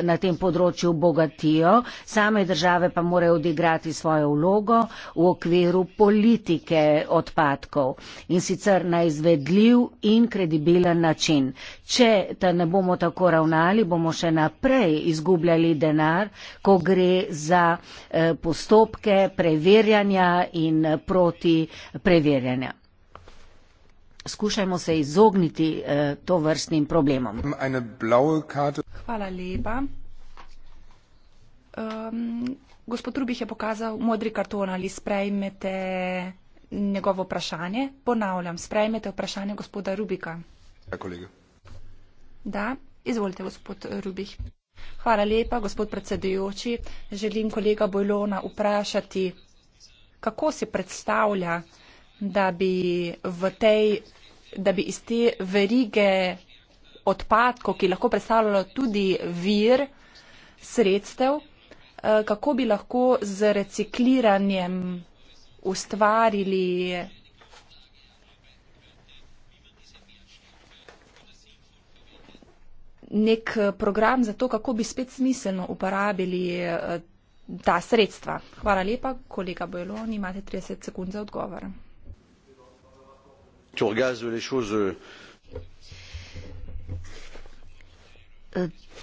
na tem področju bogatijo, same države pa morajo odigrati svojo svojo vlogo v okviru politike odpadkov in sicer na izvedljiv in kredibilen način. Če ta ne bomo tako ravnali, bomo še naprej izgubljali denar, ko gre za eh, postopke preverjanja in eh, proti preverjanja. Skušajmo se izogniti eh, to vrstnim problemom. Hvala lepa. Um, Gospod Rubih je pokazal modri karton, ali sprejmete njegovo vprašanje. Ponavljam, sprejmete vprašanje gospoda Rubika. Ja, kolega. Da, izvolite, gospod Rubih. Hvala lepa, gospod predsedujoči. Želim kolega Bojlona vprašati, kako si predstavlja, da bi, tej, da bi iz te verige odpadkov, ki lahko predstavljajo tudi vir sredstev, Eh, kako bi lahko z recikliranjem ustvarili nek eh, program za to, kako bi spet smiselno uporabili eh, ta sredstva. Hvala lepa, kolega Bojelon, imate 30 sekund za odgovor. Tu regardes les choses. Euh,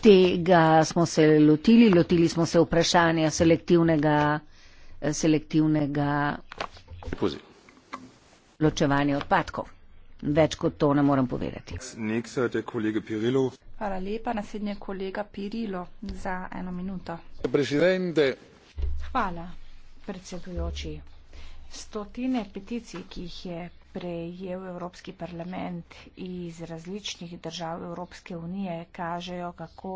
tega smo se lotili, lotili smo se vprašanja selektivnega, selektivnega ločevanja odpadkov. Več kot to ne morem povedati. Hvala lepa, naslednji je kolega Pirilo za eno minuto. Hvala, predsedujoči. Stotine peticij, ki jih je prejel Evropski parlament iz različnih držav Evropske unije, kažejo, kako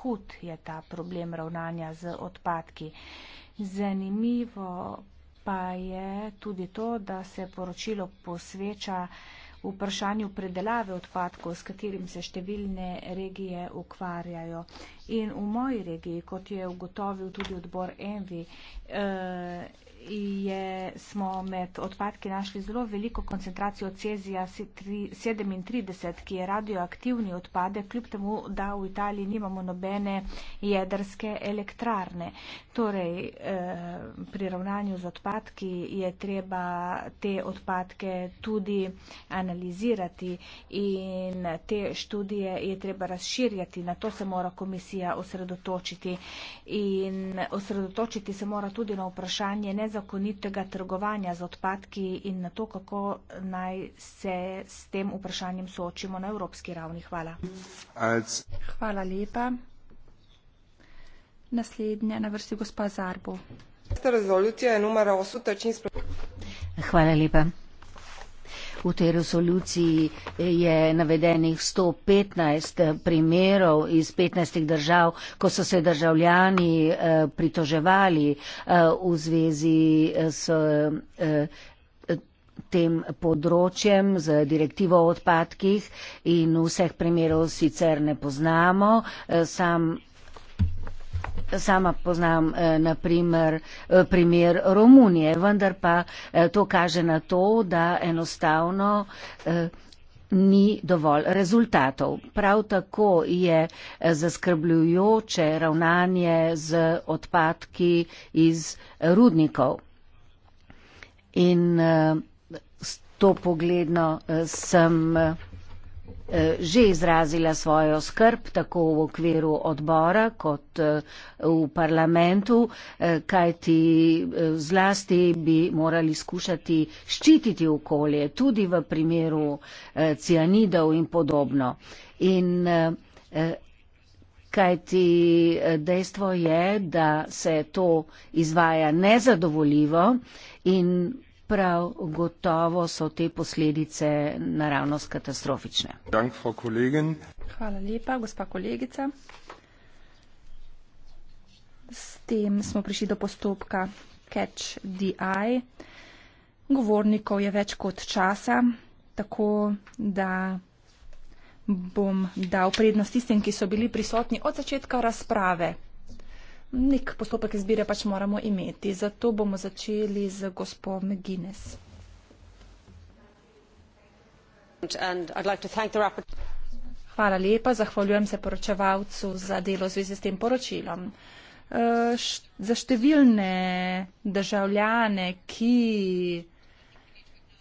hud je ta problem ravnanja z odpadki. Zanimivo pa je tudi to, da se poročilo posveča vprašanju predelave odpadkov, s katerim se številne regije ukvarjajo. In v moji regiji, kot je ugotovil tudi odbor Envi, eh, je, smo med odpadki našli zelo veliko koncentracijo cezija 37, ki je radioaktivni odpadek, kljub temu, da v Italiji nimamo nobene jedrske elektrarne. Torej, eh, pri ravnanju z odpadki je treba te odpadke tudi analizirati in te študije je treba razširjati. Na to se mora komisija osredotočiti in osredotočiti se mora tudi na vprašanje ne nezakonitega trgovanja z odpadki in na to, kako naj se s tem vprašanjem soočimo na evropski ravni. Hvala. Hvala lepa. Naslednja na vrsti gospa Zarbo. Hvala lepa. V tej resoluciji eh, je navedenih 115 eh, primerov iz 15 držav, ko so se državljani eh, pritoževali v zvezi s tem področjem z direktivo o odpadkih in vseh primerov sicer ne poznamo. Sam Sama poznam eh, naprimer, eh, primer Romunije, vendar pa eh, to kaže na to, da enostavno eh, ni dovolj rezultatov. Prav tako je eh, zaskrbljujoče ravnanje z odpadki iz rudnikov. In eh, s to pogledno eh, sem. Eh, Eh, že izrazila svojo skrb tako v okviru odbora kot eh, v parlamentu, eh, kajti zlasti bi morali skušati ščititi okolje, tudi v primeru cianidov in podobno. In kajti dejstvo je, da se to izvaja nezadovoljivo in prav gotovo so te posledice naravnost katastrofične. Dank, Hvala lepa, gospa kolegica. S tem smo prišli do postopka Catch the Eye. Govornikov je več kot časa, tako da bom dal prednost tistim, ki so bili prisotni od začetka razprave nek postopek izbire pač moramo imeti. Zato bomo začeli z gospod McGuinness. Hvala lepa, zahvaljujem se poročevalcu za delo v zvezi s tem poročilom. E, za številne državljane, ki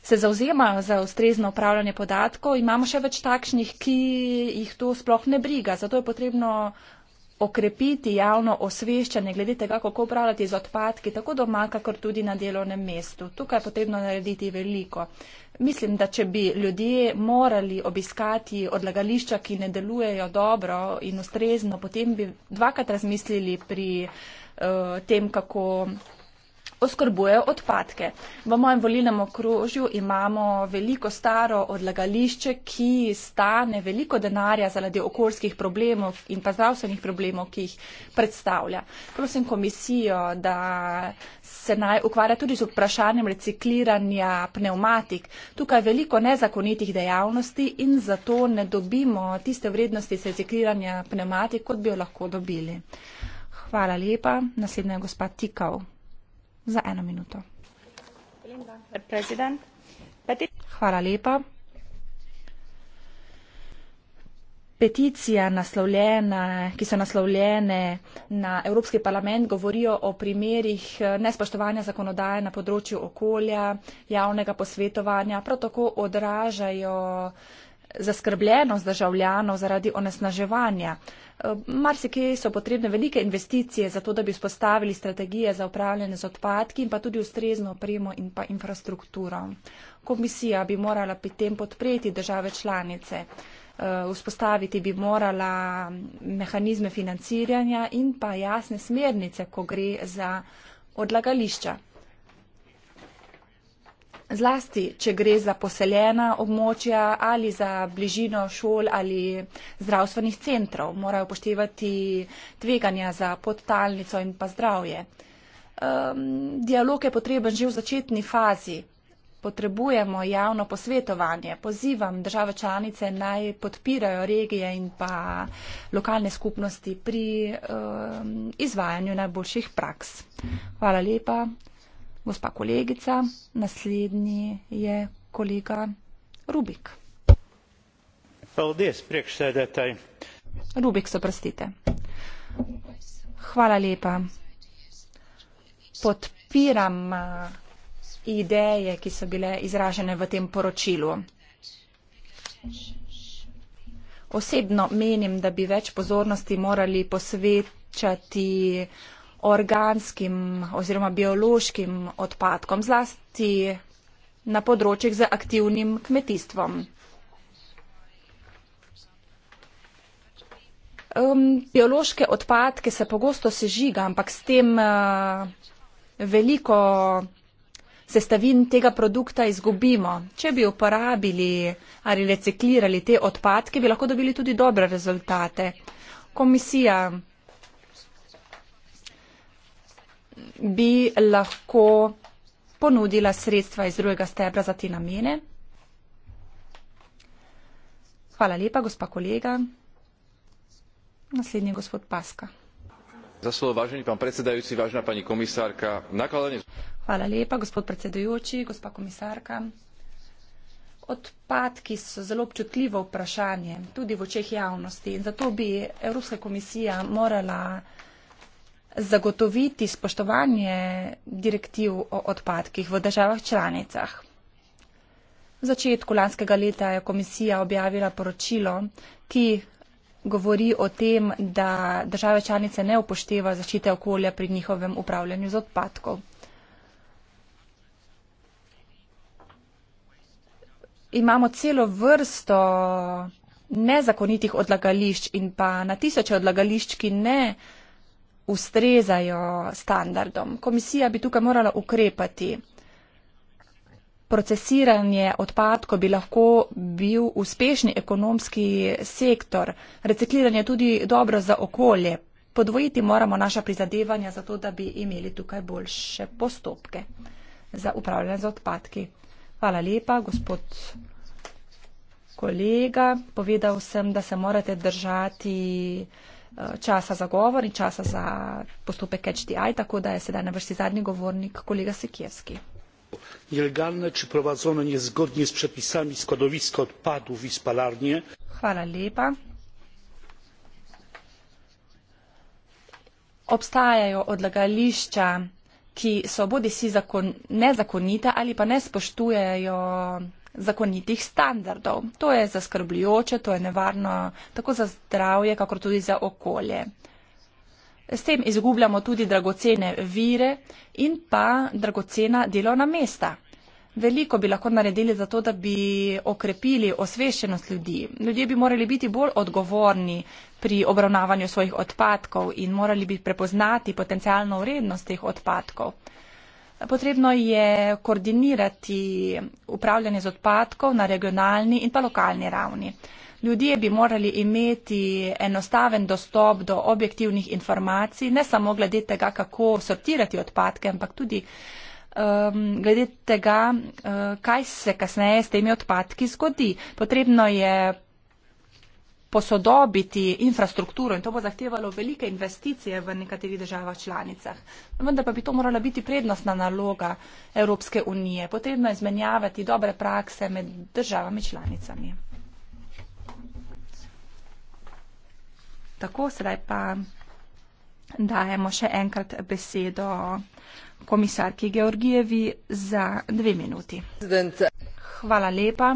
se zauzemajo za ustrezno upravljanje podatkov, imamo še več takšnih, ki jih to sploh ne briga. Zato je potrebno okrepiti javno osveščanje glede tega, kako upravljati z odpadki, tako doma, kakor tudi na delovnem mestu. Tukaj je potrebno narediti veliko. Mislim, da če bi ljudje morali obiskati odlagališča, ki ne delujejo dobro in ustrezno, potem bi dvakrat razmislili pri uh, tem, kako oskrbujejo odpadke. V mojem volilnem okrožju imamo veliko staro odlagališče, ki stane veliko denarja zaradi okoljskih problemov in pa zdravstvenih problemov, ki jih predstavlja. Prosim komisijo, da se naj ukvarja tudi z vprašanjem recikliranja pneumatik. Tukaj je veliko nezakonitih dejavnosti in zato ne dobimo tiste vrednosti recikliranja pneumatik, kot bi jo lahko dobili. Hvala lepa. Naslednja je gospa Tikal za eno minuto. Hvala lepa. Peticije, ki so naslovljene na Evropski parlament, govorijo o primerih eh, nespoštovanja zakonodaje na področju okolja, javnega posvetovanja, prav tako odražajo zaskrbljenost državljanov zaradi onesnaževanja. Marsikje so potrebne velike investicije za to, da bi spostavili strategije za upravljanje z odpadki in pa tudi ustrezno opremo in pa infrastrukturo. Komisija bi morala pri tem podpreti države članice, eh, vzpostaviti bi morala mehanizme financiranja in pa jasne smernice, ko gre za odlagališča zlasti, če gre za poseljena območja ali za bližino šol ali zdravstvenih centrov, morajo upoštevati tveganja za podtalnico in pa zdravje. Um, dialog je potreben že v začetni fazi. Potrebujemo javno posvetovanje. Pozivam države članice naj podpirajo regije in pa lokalne skupnosti pri um, izvajanju najboljših praks. Hvala lepa gospa kolegica, naslednji je kolega Rubik. Paldies, prekšsedetaj. Rubik, se prostite. Hvala lepa. Podpiram ideje, ki so bile izražene v tem poročilu. Osebno menim, da bi več pozornosti morali posvečati uh, organskim oziroma biološkim odpadkom, zlasti na področjih z aktivnim kmetijstvom. Um, biološke odpadke se pogosto sežiga, ampak s tem uh, veliko sestavin tega produkta izgubimo. Če bi uporabili ali reciklirali te odpadke, bi lahko dobili tudi dobre rezultate. Komisija bi lahko ponudila sredstva iz drugega stebra za te namene. Hvala lepa, gospa kolega. Naslednji gospod Paska. Za svoj važni pan predsedajúci, vážna pani komisárka, nakladanie... Hvala lepa, gospod predsedujoči, gospa komisárka. Odpadki so zelo občutljivo vprašanje, tudi v očeh javnosti. In zato bi Evropska komisija morala zagotoviti spoštovanje direktiv o odpadkih v državah članicah. V začetku lanskega leta je komisija objavila poročilo, ki govori o tem, da države članice ne upošteva zaščite okolja pri njihovem upravljanju z odpadkov. Imamo celo vrsto nezakonitih odlagališč in pa na tisoče odlagališč, ki ne ustrezajo standardom. Komisija bi tukaj morala ukrepati. Procesiranje odpadkov bi lahko bil uspešni ekonomski sektor. Recikliranje je tudi dobro za okolje. Podvojiti moramo naša prizadevanja za to, da bi imeli tukaj boljše postopke za upravljanje z odpadki. Hvala lepa, gospod kolega. Povedal sem, da se morate držati časa za govor in časa za postopek HDI, tako da je sedaj na vrsti zadnji govornik kolega Sikirski. Ilegalne či prowadzone niezgodnie z przepisami składowisko odpadów i spalarnie. Hvala lepa. Obstajajo odlagališča, ki so bodi si zakon, nezakonita ali pa ne spoštujejo zakonitih standardov. To je zaskrbljujoče, to je nevarno tako za zdravje, kakor tudi za okolje. S tem izgubljamo tudi dragocene vire in pa dragocena delovna mesta. Veliko bi lahko naredili za to, da bi okrepili osveščenost ljudi. Ljudje bi morali biti bolj odgovorni pri obravnavanju svojih odpadkov in morali bi prepoznati potencijalno vrednost teh odpadkov. Potrebno je koordinirati upravljanje z odpadkov na regionalni in pa lokalni ravni. Ljudje bi morali imeti enostaven dostop do objektivnih informacij, ne samo glede tega, kako sortirati odpadke, ampak tudi um, glede tega, uh, kaj se kasneje s temi odpadki zgodi. Potrebno je posodobiti infrastrukturo in to bo zahtevalo velike investicije v nekaterih državah članicah. Vendar pa bi to morala biti prednostna naloga Evropske unije. Potrebno je izmenjavati dobre prakse med državami članicami. Tako, sedaj pa dajemo še enkrat besedo komisarki Georgijevi za dve minuti. Hvala lepa.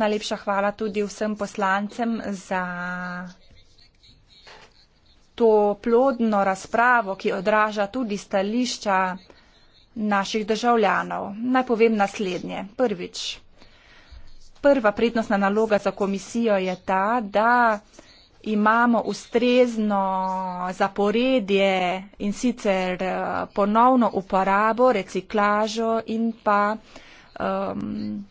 Najlepša hvala tudi vsem poslancem za to plodno razpravo, ki odraža tudi stališča naših državljanov. Naj povem naslednje. Prvič. Prva prednostna naloga za komisijo je ta, da imamo ustrezno zaporedje in sicer ponovno uporabo, reciklažo in pa um,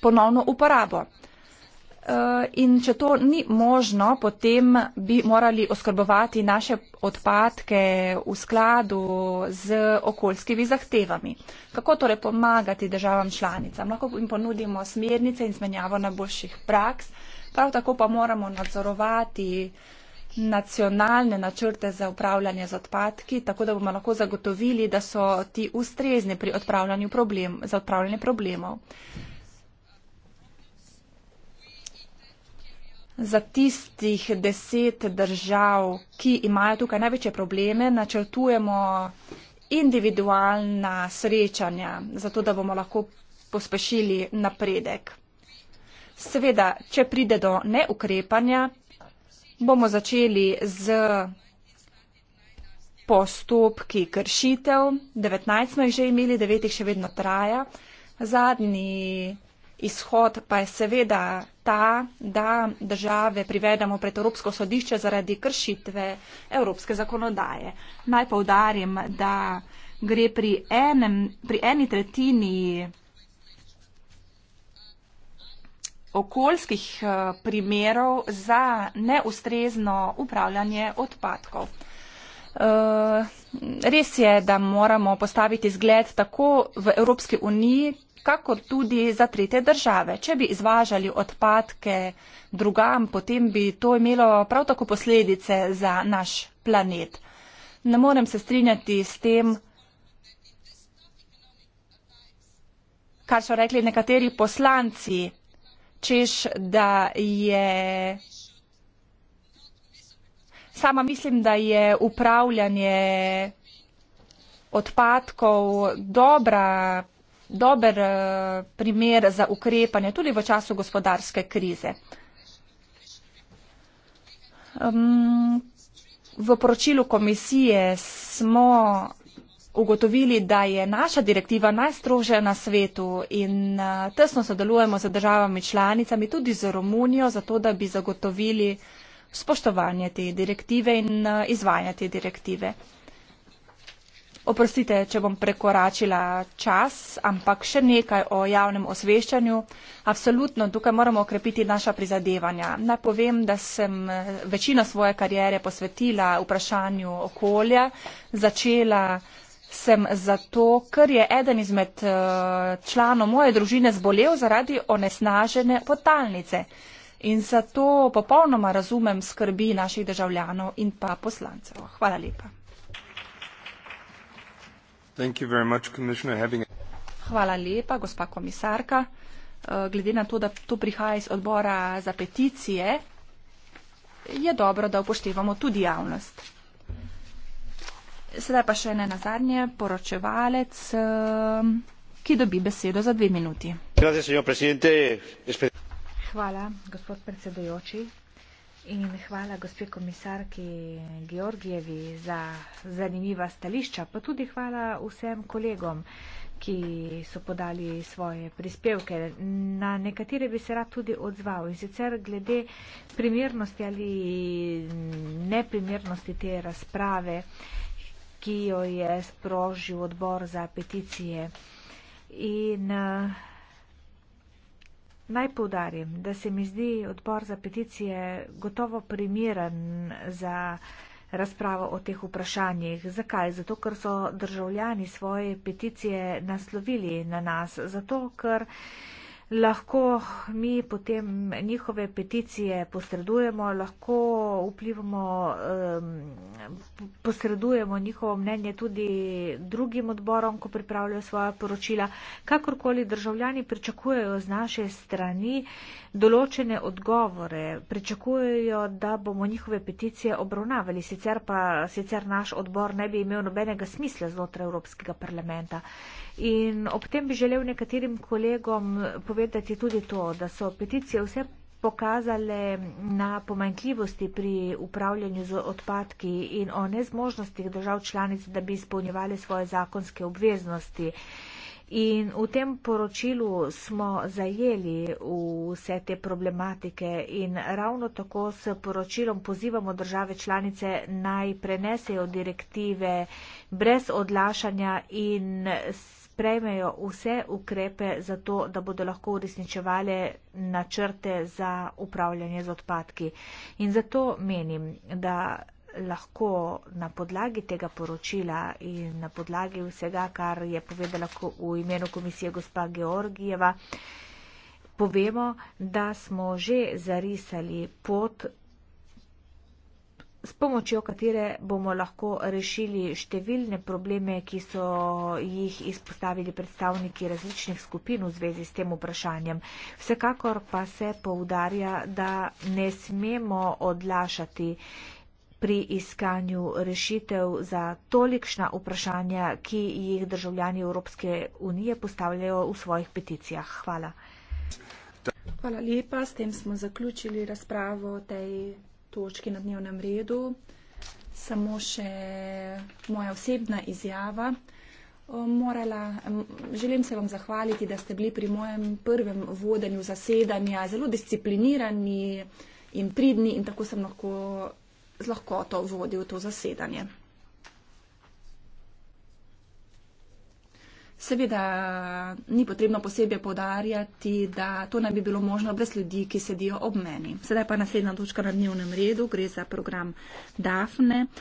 ponovno uporabo. Eh, in če to ni možno, potem bi morali oskrbovati naše odpadke v skladu z okoljskimi zahtevami. Kako torej pomagati državam članicam? Lahko jim ponudimo smernice in zmenjavo na boljših praks, prav tako pa moramo nadzorovati nacionalne načrte za upravljanje z odpadki, tako da bomo lahko zagotovili, da so ti ustrezni pri odpravljanju problem, odpravljanje problemov. za tistih deset držav, ki imajo tukaj največje probleme, načrtujemo individualna srečanja, zato da bomo lahko pospešili napredek. Seveda, če pride do neukrepanja, bomo začeli z postopki kršitev. 19 smo jih že imeli, 9 jih še vedno traja. Zadnji Izhod pa je seveda ta, da države privedemo pred Evropsko sodišče zaradi kršitve evropske zakonodaje. Naj povdarim, da gre pri, enem, pri eni tretjini okoljskih eh, primerov za neustrezno upravljanje odpadkov. Eh, res je, da moramo postaviti zgled tako v Evropski uniji, kako tudi za tretje države. Če bi izvažali odpadke drugam, potem bi to imelo prav tako posledice za naš planet. Ne morem se strinjati s tem, kar so rekli nekateri poslanci, češ, da je Sama mislim, da je upravljanje odpadkov dobra, dober eh, primer za ukrepanje tudi v času gospodarske krize. V poročilu komisije smo ugotovili, da je naša direktiva najstrožja na svetu in eh, tesno sodelujemo z državami članicami, tudi z Romunijo, zato da bi zagotovili, spoštovanje te direktive in eh, izvajanje te direktive. Oprostite, če bom prekoračila čas, ampak še nekaj o javnem osveščanju. Absolutno, tukaj moramo okrepiti naša prizadevanja. Naj povem, da sem eh, večino svoje karijere posvetila vprašanju okolja. Začela sem zato, ker je eden izmed eh, članov moje družine zbolel zaradi onesnažene potalnice. In zato popolnoma razumem skrbi naših državljanov in pa poslancev. Hvala lepa. Much, having... Hvala lepa, gospa komisarka. Eh, glede na to, da to prihaja iz odbora za peticije, je dobro, da upoštevamo tudi javnost. Sedaj pa še ne na zadnje, poročevalec, eh, ki dobi besedo za dve minuti. Gracias, Hvala, gospod predsedujoči. In hvala gospe komisarki Georgijevi za zanimiva stališča, pa tudi hvala vsem kolegom, ki so podali svoje prispevke. Na nekatere bi se rad tudi odzval in sicer glede primernosti ali neprimernosti te razprave, ki jo je sprožil odbor za peticije. In uh, Naj povdarim, da se mi zdi odbor za peticije gotovo primeren za razpravo o teh vprašanjih. Zakaj? Zato, ker so državljani svoje peticije naslovili na nas. Zato, ker lahko mi potem njihove peticije posredujemo, lahko vplivamo, posredujemo njihovo mnenje tudi drugim odborom, ko pripravljajo svoja poročila. Kakorkoli državljani pričakujejo z naše strani, določene odgovore, pričakujejo, da bomo njihove peticije obravnavali, sicer pa sicer naš odbor ne bi imel nobenega smisla znotraj Evropskega parlamenta. In ob tem bi želel nekaterim kolegom povedati tudi to, da so peticije vse pokazale na pomanjkljivosti pri upravljanju z odpadki in o nezmožnostih držav članic, da bi izpolnjevali svoje zakonske obveznosti. In v tem poročilu smo zajeli vse te problematike in ravno tako s poročilom pozivamo države članice naj prenesejo direktive brez odlašanja in sprejmejo vse ukrepe za to, da bodo lahko uresničevali načrte za upravljanje z odpadki. In zato menim, da lahko na podlagi tega poročila in na podlagi vsega, kar je povedala v imenu komisije gospa Georgijeva, povemo, da smo že zarisali pot, s pomočjo katere bomo lahko rešili številne probleme, ki so jih izpostavili predstavniki različnih skupin v zvezi s tem vprašanjem. Vsekakor pa se poudarja, da ne smemo odlašati pri iskanju rešitev za tolikšna vprašanja, ki jih državljani Evropske unije postavljajo v svojih peticijah. Hvala. Hvala lepa. S tem smo zaključili razpravo o tej točki na dnevnem redu. Samo še moja osebna izjava. Morala, želim se vam zahvaliti, da ste bili pri mojem prvem vodenju zasedanja zelo disciplinirani in pridni in tako sem lahko z lahkoto vodil to zasedanje. Seveda ni potrebno posebej podarjati, da to ne bi bilo možno brez ljudi, ki sedijo ob meni. Sedaj pa naslednja točka na dnevnem redu, gre za program DAFNE.